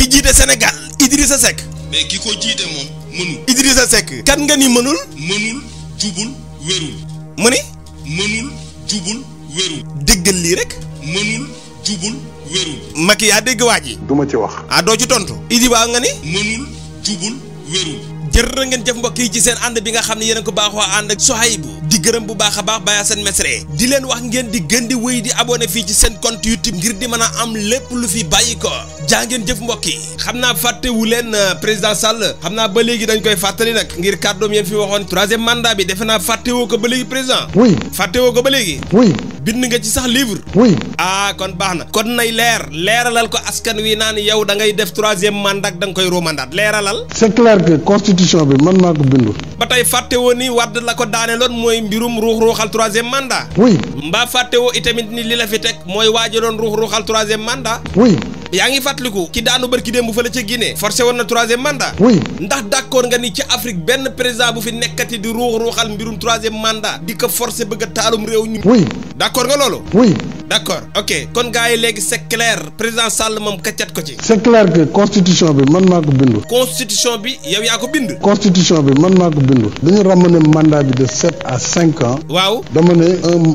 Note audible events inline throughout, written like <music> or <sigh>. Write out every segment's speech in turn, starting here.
ki jiite Sénégal Idrissa Seck. mais ki ko jiite moom mënul. Idrissa sekk kan nga ni mënul. mënul jubul wérul. mu ni. mënul jubul wérul. déggal lii rek. mënul jubul wérul. Macky yaa dégg waa ji. duma ci wax. ah doo ci tontu. Idi waa nga ni. mënul jubul wérul. jërë ngeen jëf mbokk yi ci seen ànd bi nga xam ne yéen ko baaxoo ànd ak Sohaybu di gërëm bu baax a baax Baye Assane Mesre di leen wax ngeen di gën di wéy di abonné fii ci seen compte YouTube ngir di mën a am lépp lu fi bàyyi ko jaa ngeen jëf mbokk yi xam naa fàttewu leen euh, président Sall xam naa ba léegi dañ koy fàttali nag ngir kàddoom yéen fi waxoon troisième mandat bi defe naa fàttewoo ko ba léegi président oui fàttewoo ko ba léegi oui bind nga ci sax livre. oui. ah kon baax na kon nay leer leeralal ko askan wi naan yow da ngay def troisième mandat da nga koy romandaat leeralal. sa clair que bi man maa ko bindul. ba tey fàtte woo ni wadd la ko daaneeloon mooy mbirum ruux ruuxal troisième mandat. oui. mbaa fàtte woo itamit ni li la fi teg mooy waaj a doon ruux ruuxal troisième mandat. oui. yaa ngi fàttaliku ki daanu bërki démb fële ca Guinée forcé woon na troisième mandat oui ndax d'accord nga ni ci Afrique benn président bu fi nekkati di ruux ruuxal mbirum troisième mandat di ko forcé bëgg taalum réew ñu oui d'accord nga loolu oui d'accord ok kon gars yi léegi c'est clair président Sall moom kaccat ko ci c'est clair que constitution bi man maa ko bindu constitution bi yow yaa ko bind constitution bi man maa ko bindu dañu ramener mandat bi de sept à cinq ans waaw dama ne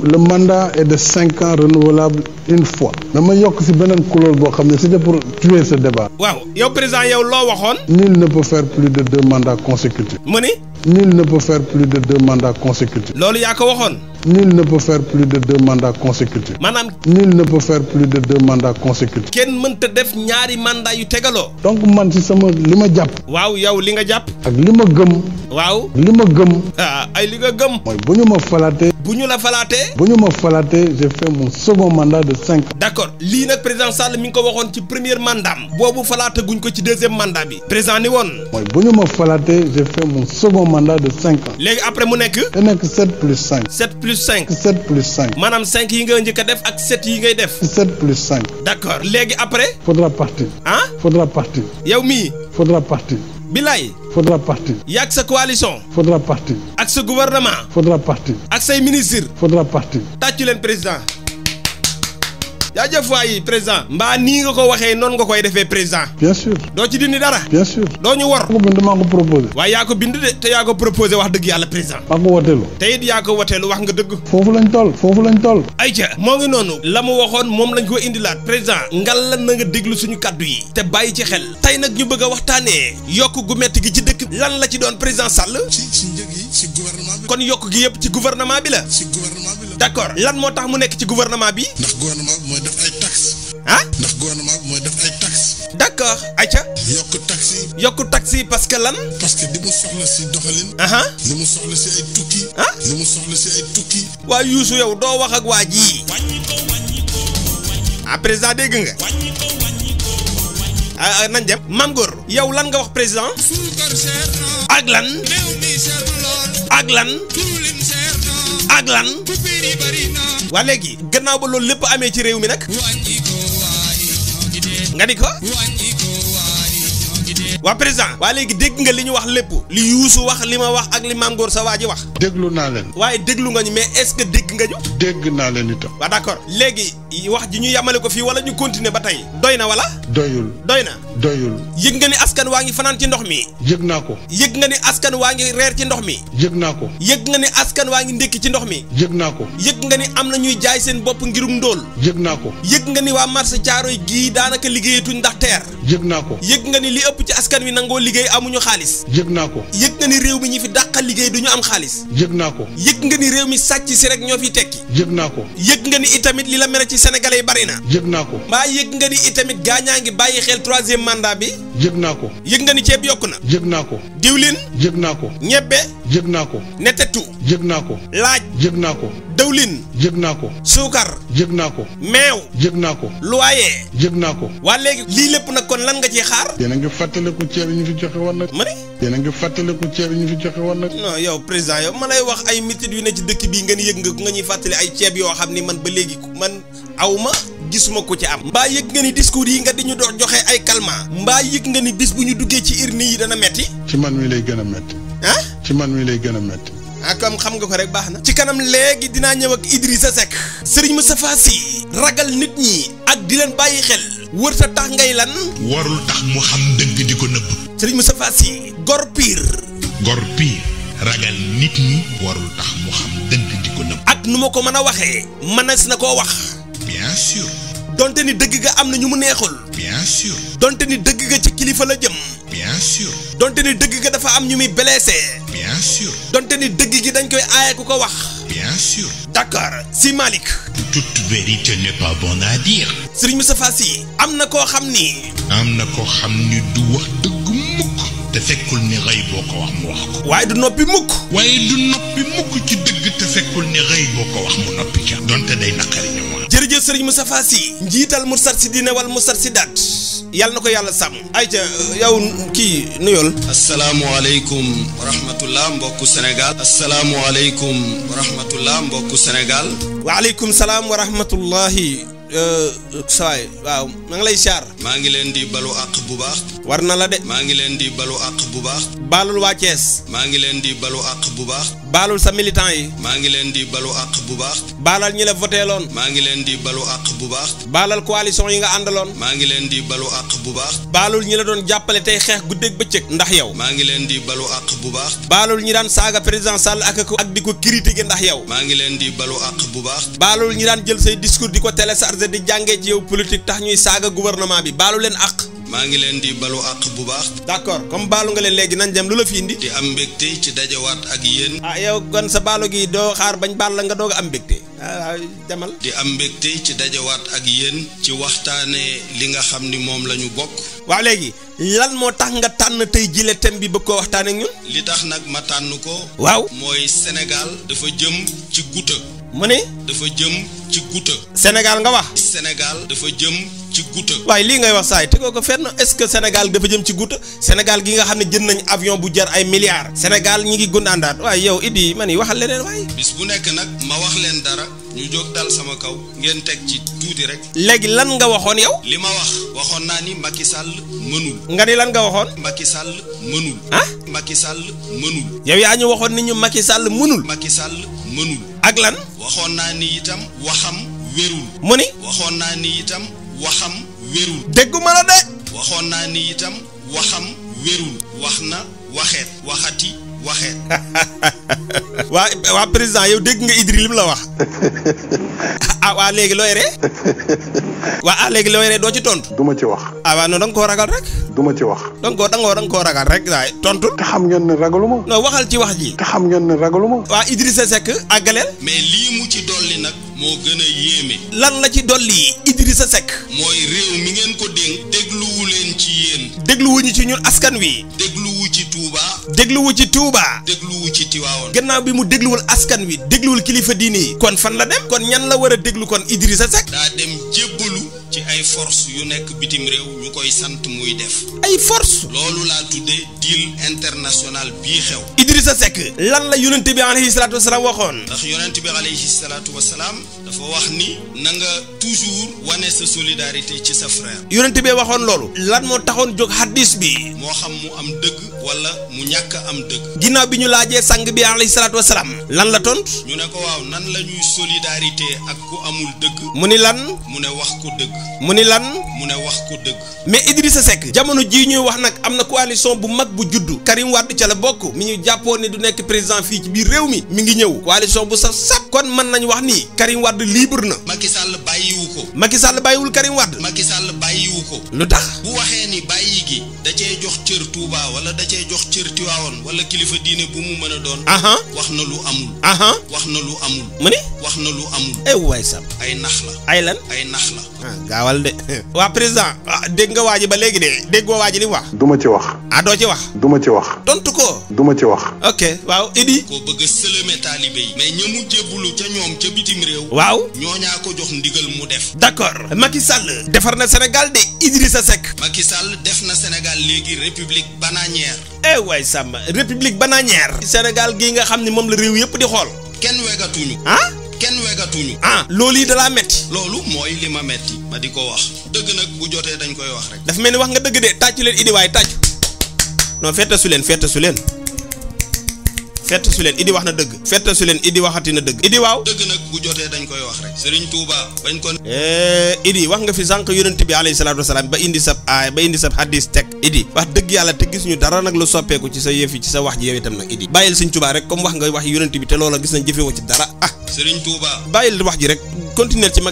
le mandat est de cinq ans renouvelable une fois dama yokk si beneen couleur boo xam ne c'était pour tuer ce débat. waaw yow président yow loo waxoon. nul ne peut faire plus de deux mandats consécutifs. mu nul ne peut faire plus de deux mandats consécutifs. loolu yaa ko waxoon. nul ne peut faire plus de deux mandats consécutifs. maanaam. nul ne peut faire plus de deux mandats kenn mënta def ñaari mandat yu tegaloo. donc man si sama li ma jàpp. waaw yow li nga jàpp. ak li ma gëm. waaw. li ma gëm. ay li nga gëm. mooy bu ñu ma falaatee. bu ñu la falaatee. bu ñu ma falaatee j'ai fait mon second mandat de cinq ans. d'accord lii nag président Sall mi ngi ko waxoon ci première mandat am. boobu falaate guñ ko ci deuxième mandat bi. président woon. mooy bu ñu ma un mandat de cinq léegi après mu nekk. te nekk sept plus cinq. plus cinq. sept plus cinq. maanaam cinq yi nga njëkk a def ak sept yi ngay def. sept plus cinq. d'accord léegi après. faudra partir. ah. faudra partir. yow mii. faudra partir. Bilaay. faudra partir. yaak sa coalition. faudra partir. ak sa gouvernement. faudra partir. ak say ministre. faudra partir. tàccu leen président. jaajëf waay président mbaa nii nga ko waxee noonu nga koy defee président bien doo ci dindi dara bien doo ñu war ko waaye yaa ko bind de te yaa ko proposé wax dëgg yàlla président maa ko woteelu te it yaa ko woteelu wax nga dëgg foofu lañ toll foofu lañu toll ayca moo ngi noonu la mu waxoon moom lañ ko indilaat président ngal la na nga déglu suñu kàddu yi te bàyyi ci xel tey nag ñu bëgg a waxtaanee yokk gu metti gi ci dëkk lan la ci doon président Sall si si njëg kon yokk gi yëpp ci gouvernement bi la si gouvernement d'accord lan moo tax mu nekk ci gouvernement bi. ndax gouvernement bi mooy def ay taxes. ah. ndax gouvernement bi mooy def ay taxes. d'accord ayca. yokk taxes yi. yokk taxes parce que lan. parce que li mu soxla si doxalin. li mu soxla si ay tukki. ah li mu soxla si ay tukki. waa Youssou yow doo wax ak waa ji. ah président dégg nga. Ah, ah nañ dem. Mame Gor yow lan nga wax président. ak lan. ak lan. ak lan waa léegi gannaaw ba loolu lépp amee ci réew mi nag nga ni ko waa président waa léegi dégg nga li ñu wax lépp li yuusu wax li ma wax ak li maam góor sa waa ji wax déglu naa leen waaye déglu nga ñu mais est-ce que dégg nga ñu dégg naa leen itam waa d'accord léegi wax ji ñu yamale ko fii wala ñu continuer ba tey doy na wala doyul doy na doyul yëg nga ni askan waa ngi fanaan ci ndox mi yëg naa ko yëg nga ni askan waa ngi reer ci ndox mi yëg naa ko yëg nga ni askan waa ngi ndékki ci ndox mi yëg naa ko yëg nga ni am na ñuy jaay seen bopp ngirum ndóol yëg naa ko yëg nga ni waa marché caaroy gii daanaka liggéeyatuñ ndax teer yëg naa ko yëg nga ni li ëpp ci askan wi nangoo liggéey amuñu xaalis yëg naa ko yëg nga ni réew mi ñu fi dàqal liggéey du ñu am xaalis yëg naa ko yëg nga ni réew mi sàcc si rek ñoo fiy tekki yëg naa ko yëg nga ni tamit li la mere ci sénégalais yi bari na yëg ko mbaa nga ni itamit gaañaa ngi bàyyi xel mandat bi. yëg naa ko. yëg nga ni ceeb yokk na. yëg naa ko. diwlin. yëg naa ko. ñebbe. yëg naa ko. netetu. yëg naa ko. laaj. yëg naa ko. dawlin. yëg naa ko. suukar. yëg naa ko. meew. yëg naa ko. loyer. yëg naa ko. waa léegi lii lépp nag kon lan nga ciy xaar. yéen a ngi fàttaliku ceeb yi ñu fi joxe woon nag. ma ne. yéen a ngi fàttaliku ceeb yi ñu fi joxe woon nag. non yow président yow man lay wax ay méthodes yu ne ci dëkk bii nga ni yëg nga ku nga ñuy fàttali ay ceeb yoo xam ni man ba léegi man aw ma gisuma ko ci am mbaa yëg nga ni discours yi nga di ñu dox joxe ay calmants mbaa yëg nga ni bis bu ñu duggee ci urne yi dana metti ci man mi lay gën a metti ah ci man mi lay gën a metti ah comme xam nga ko rek baax na ci kanam léegi dinaa ñëw ak Idrissa Seck Serigne Moustapha Sy ragal nit ñi ak di leen bàyyi xel wër sa tax ngay lan warul tax mu xam dëgg di ko nëbb Serigne Moustapha Sy gor piir gor piir ragal nit ñi warul tax mu xam dëgg di ko nëbb ak nu ma ko mën a waxee mënees na koo wax bien sûr donte ni dëgg nga am na ñu mu neexul. bien sûr. donte ni dëgg nga ci kilifa la jëm. bien sûr. donte ni dëgg nga dafa am ñu muy blessé. bien sûr. donte ni dëgg gi dañ koy aaye ku ko wax. bien sûr. d'accord si Malick. toute vérité n'est pas bonne à dire. Serigne Moustapha yi am na koo xam ni. am na koo xam ni du wax dëgg mukk. te fekkul ni rëy boo ko wax mu wax ko. waaye du noppi mukk. waaye du noppi mukk ci dëgg te fekkul ni rëy boo ko wax mu noppi ca. donte day naqari jërëjëf sëriñ Moustapha Sy njiital Moustarchidina wal Moustarchidaat yàlla na ko yàlla sàmm. ayca yow kii nuyool. asalaamualeykum wa rahmatulah mbokku Sénégal. asalaamualeykum wa rahmatulah mbokku Sénégal. waaleykum salaam wa rahmatulahi. Euh, sawaay waaw maa ngi lay siyaar. maa ngi leen di balu àq bu baax. war na la de. maa ngi leen di balu àq bu baax. baalul waa Thiès. maa ngi leen di balu àq bu baax. baalul sa militant yi. maa ngi leen di balu àq bu baax. baalal ñi la voteeloon maa ngi leen di balu àq bu baax baalal coalition yi nga àndaloon maa ngi leen di balu àq bu baax baalul ñi la doon jàppale tey xeex guddeeg bëccëg ndax yow maa ngi leen di balu àq bu baax baalul ñi daan saaga président Sall ak ko ak di ko critiquer ndax yow maa ngi leen di balu àq bu baax baalul ñi daan jël say discours di ko télécharger di jàngee ci yow politique tax ñuy saaga gouvernement bi baalu leen àq maa ngi leen di balu àq bu baax. d'accord comme baalu nga leen léegi nañ dem lu la fi indi. di am mbégte ci dajawaat ak yéen. ah yow kon sa baalo gi doo xaar bañ baal la nga doog am mbégte. Ah, ah demal. di am mbégte ci dajawaat ak yéen. ci waxtaanee li nga xam ni moom la ñu bokk. waaw léegi lan moo tax nga tànn tey jile thème bi bëgg koo waxtaanee ak ñun. li tax nag ma tànn ko. waaw mooy senegal dafa jëm ci guta mu ni dafa jëm ci guuta Sénégal nga wax Sénégal dafa jëm ci guuta waaye lii ngay wax saay tegoo ko fenn est-ce que Sénégal dafa jëm ci guuta Sénégal gi nga xam ne jën nañu avion bu jar ay milliards Sénégal ñi ngi gundaandaat waaye yow Idi ma yi waxal leneen waaye bis bu nekk nag ma wax leen dara ñu jóg dal sama kaw ngeen teg ci tuuti rek. léegi lan nga waxoon yow. li ma wax waxoon naa ni Macky Sall mënul. nga ni lan nga waxoon. Macky Sall mënul. ah Macky Sall yow yaa ñu waxoon ni ñu Sall mënul. Macky Sall mënul. ak lan. waxoon naa ni itam waxam wérul. mu ni. waxoon naa ni itam waxam wérul. dégguma la de. waxoon naa ni itam waxam wérul. wax na waxeet. waxati waxeet. <laughs> waa waa président yow dégg nga Idri lim la wax. <laughs> ah waa léegi looy ree <laughs> waa ah léegi looy ree doo ci tontu. du ma ci wax. ah waaw non da koo ragal rek. du ma ci wax. da nga koo da nga koo ragal rek waaye tontu. te xam ngeen ne ragaluma. non waxal ci wax ji. te xam ngeen ne ragaluma. waa sa Seck àggaleel. mais lii mu ci dolli nag. moo gën a yéeme. lan la ci dolli sa Seck. mooy réew mi ngeen ko dénk. dégluwu leen ci yéen. dégluwuñu ci ñun askan wi. dégluwu ci Touba. dégluwu ci Touba. dégluwu ci Tiwaawoon. gannaaw bi mu dégluwul askan wi dégluwul kilifa diini yi. kon fan la dem. kon ñan la war a déglu kon Idrissa Seck. force yu nekk bitim réew ñu koy sant muy def. ay force loolu laa tuddee deal international bi xew. a Seck lan la yonent bi alayhi salaatu wasalaam waxoon. ndax yonent bi alayhi salaatu wasalaam dafa wax ni nanga nga toujours wane sa solidarité ci sa frère. yonent bi waxoon loolu. lan moo taxoon jóg hadis bi. moo xam mu am dëgg. wala mu ñàkk am dëgg. ginnaaw bi ñu laajee sang bi alayhi salaatu wasalaam lan la tont ñu ne ko waaw nan la ñuy solidarité ak ku amul dëgg. mu ni lan. mu ne wax ko dëgg. mu ni lan. mu ne wax ko dëgg. mais Idrissa Seck jamono jii ñuy wax nag am na coalition bu mag bu juddu Karim Wade ca la bokk mi ñu jàppoon ne du nekk président fii ci biir réew mi mi ngi ñëw coalition bu saf sap kon mën nañu wax ni Karim Wade libre na. Macky Sall bàyyiwu ko. Macky Sall bàyyiwul Karim Wade. Macky Sall bàyyiwu ko. lu tax cee jox cër Tiwaawoon wala kilifa diine bu mu mën a doon. wax na lu amul. wax na lu amul. mu ne. wax na lu amul. ay waay ay nax la. ay lan ay nax la. Ah, gaawal de <laughs> waa président ah, dégg nga waa ji ba léegi de déggoo waaj ji li wax du ma ci wax ah doo ci wax duma ci wax tontu ko du ma ci wax ok waaw idi ko bëgg a sëlëme taalibe yi mais ña mu jébbalu ca ñoom ca bitim réew waaw ñooñaa ko jox ndigal mu def d'accord Macky Sall defar na Sénégal de Idrissa Seck Macky Sall def na Sénégal léegi république bananière eh waay sàmm république bananière Sénégal gii nga xam ne moom la réew yëpp di xool kenn wegatuñu ah kenn wegatuñu ah loolu yi dalaa metti loolu mooy li ma metti ma di ko wax dëgg nag bu jotee dañ koy wax rek dafa mel ni wax nga dëgg de tàccu leen idi waay tàccu non fette su leen fette su leen fett su leen idi wax na dëgg fett su leen idi waxati na dëgg idi waaw dëgg nag bu jotee dañ koy wax rek Serigne Touba bañ ko eh, idi wax nga fi sànq yonent bi alayhi salaatu wasalaam ba indi sab aay ba indi sab hadis teg idi wax dëgg yàlla te gis ñu dara nag lu soppeeku ci sa yëf yi ci sa wax ji yow itam nag idi bàyyil Serigne Touba rek comme wax nga wax yonent bi te loola gis nañ jëfewoo ci dara ah Serigne Touba bàyyil wax ji rek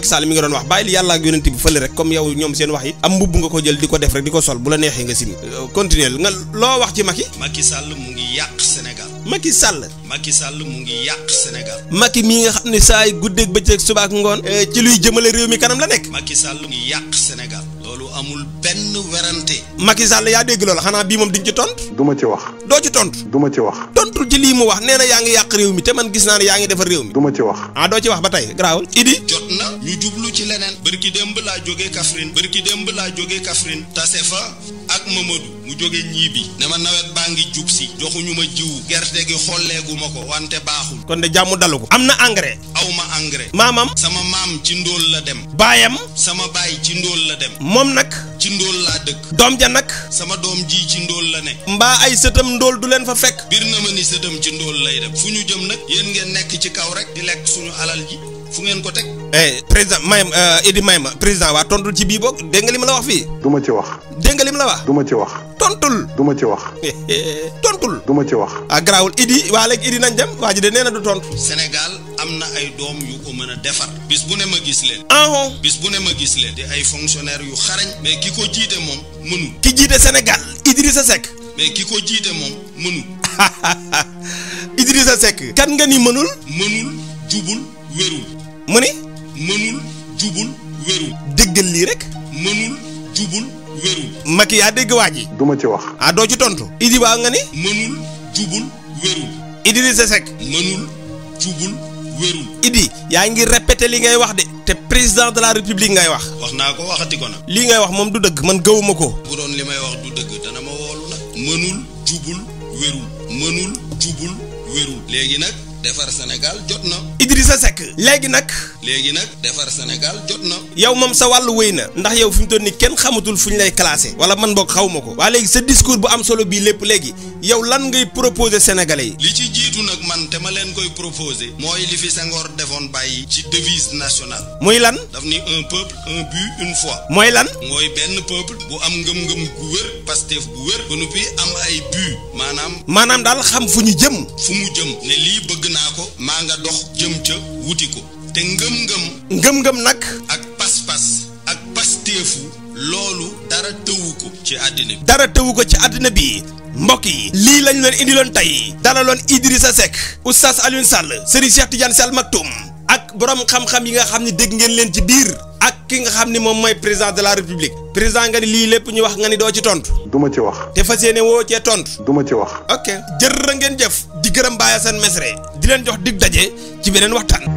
Sall mi nga doon wax bàyyil yàlla ak yonent bi fële rek comme yow ñoom seen wax yi am mbubb nga ko jël di ko def rek di ko sol bu nga sin euh, continuer nga loo wax ci Macky Macky Sall mu ngi Macky Sall. Macky sàll mu ngi yàq Sénégal. makki mii nga xam ne saa yu guddeeg bëccëg subaak ngoon. Eh, ci luy jëmale réew mi kanam la nekk. Macky Sall mu ngi yàq Sénégal. loolu amul benn werante. Macky Sall yaa dégg loolu xanaa bii moom di nga ci tontu. du ma ci wax. doo ci tontu. du ma ci wax. tontu ci lii mu wax nee na yaa ngi yàq réew mi te man gis naa ne yaa ngi defar réew mi. duma ci wax. ah doo ci wax ba tey garaawul. Idi jot na ñu jublu ci leneen. bërki demb laa jógee Kaffrine. bërki démb laa jógee Kaffrine tase fa ak Mamadou mu jóge bi ne ma nawet baa ngi jub joxuñu ma jiw gerte gi xolleegu ko wante baaxul kon de jàmm dalugu am na engrais aw ma engrais maamam sama maam ci ndóol la dem baayam sama baay ci ndóol la dem moom nag ci ndóol laa dëkk doom ja nag sama doom ji ci ndóol la ne mbaa ay sëtam ndóol du leen fa fekk bir na ma ni sëtam ci ndóol lay dem fu ñu jëm nag yéen ngeen nekk ci kaw rek di lekk suñu alal ji fu ngeen ko teg. Eh, président may eh, Idi may ma président waa tontul ci bii boog dégg nga li ma la wax fii. du ma ci wax. dégg nga li ma la wax. du ma ci wax. tontul. du ma ci wax. <laughs> tontul. du ma ci wax. ah garaawul Idi waa léegi Idi nañ dem waa ji de nee du tontu. Sénégal am na ay doom yu ko mën a defar. bis bu ne ma gis leen. ah bis bu ne ma gis leen. di ay fonctionnaires yu xarañ. mais ki ko jiite moom mënul. ki jiite Sénégal Idrissa Seck. mais ki ko jiite moom mënul. <laughs> Idrissa Seck. kan nga ni mënul. mënul jubul wérul. mu ni mënul jubul wérul déggal lii rek mënul jubul wérul Macky yaa dégg waa ji ma ci wax ah doo ci tontu Idi Ba nga ni mënul jubul wérul Idrissa Seck mënul jubul yaa ngi répété li ngay wax de te président de la république ngay wax wax naa ko waxati ko nag lii ngay wax moom du dëgg man gëwuma ko bu doon li may wax du dëgg dana ma woolu nag mënul jubul wérul mënul jubul wérul léegi nag defar Sénégal jot na Idrissa Seck léegi nag léegi nag defar Sénégal jot na. yow moom sa wàllu wéy na ndax yow fu ñu toll nii kenn xamatul fu ñu lay classé wala man boog xaw ko waa léegi sa discours bu am solo bii lépp léegi yow lan ngay proposer Sénégalais yi. li ci jiitu nag man te ma leen koy proposer. mooy li fi Senghor defoon bàyyi. ci devise nationale. muy lan. daf ni un peuple un bu une fois mooy lan. mooy benn peuple bu am ngëm-ngëm gu wér Pastef gu wér ba noppi am ay but maanaam. maanaam daal xam fu ñu jëm. fu mu jëm ne lii bëgg naa ko maa nga dox jëm ca wuti ko. te ngëm-ngëm. ngëm-ngëm nag. ak pas-pas ak pasteefu loolu dara tëwu ko ci àddina bi. dara tëwu ko ci àddina bi. mbokk yi lii lañ leen loon tey dalaloon Idrissa Seck oustaz Alioune Sall Serigne Cheikh Tidiane Sall Maktoum ak borom xam-xam yi nga xam ne dégg ngeen leen ci biir ak ki nga xam ne moom mooy président de la république président nga ni lii lépp ñu wax nga ni doo ci tontu. du ma ci wax. te fas yéene woo cee tont duma ci wax. ok jërë ngeen jëf di gërëm Baye Assane Mesre di leen jox dig daje ci beneen waxtaan.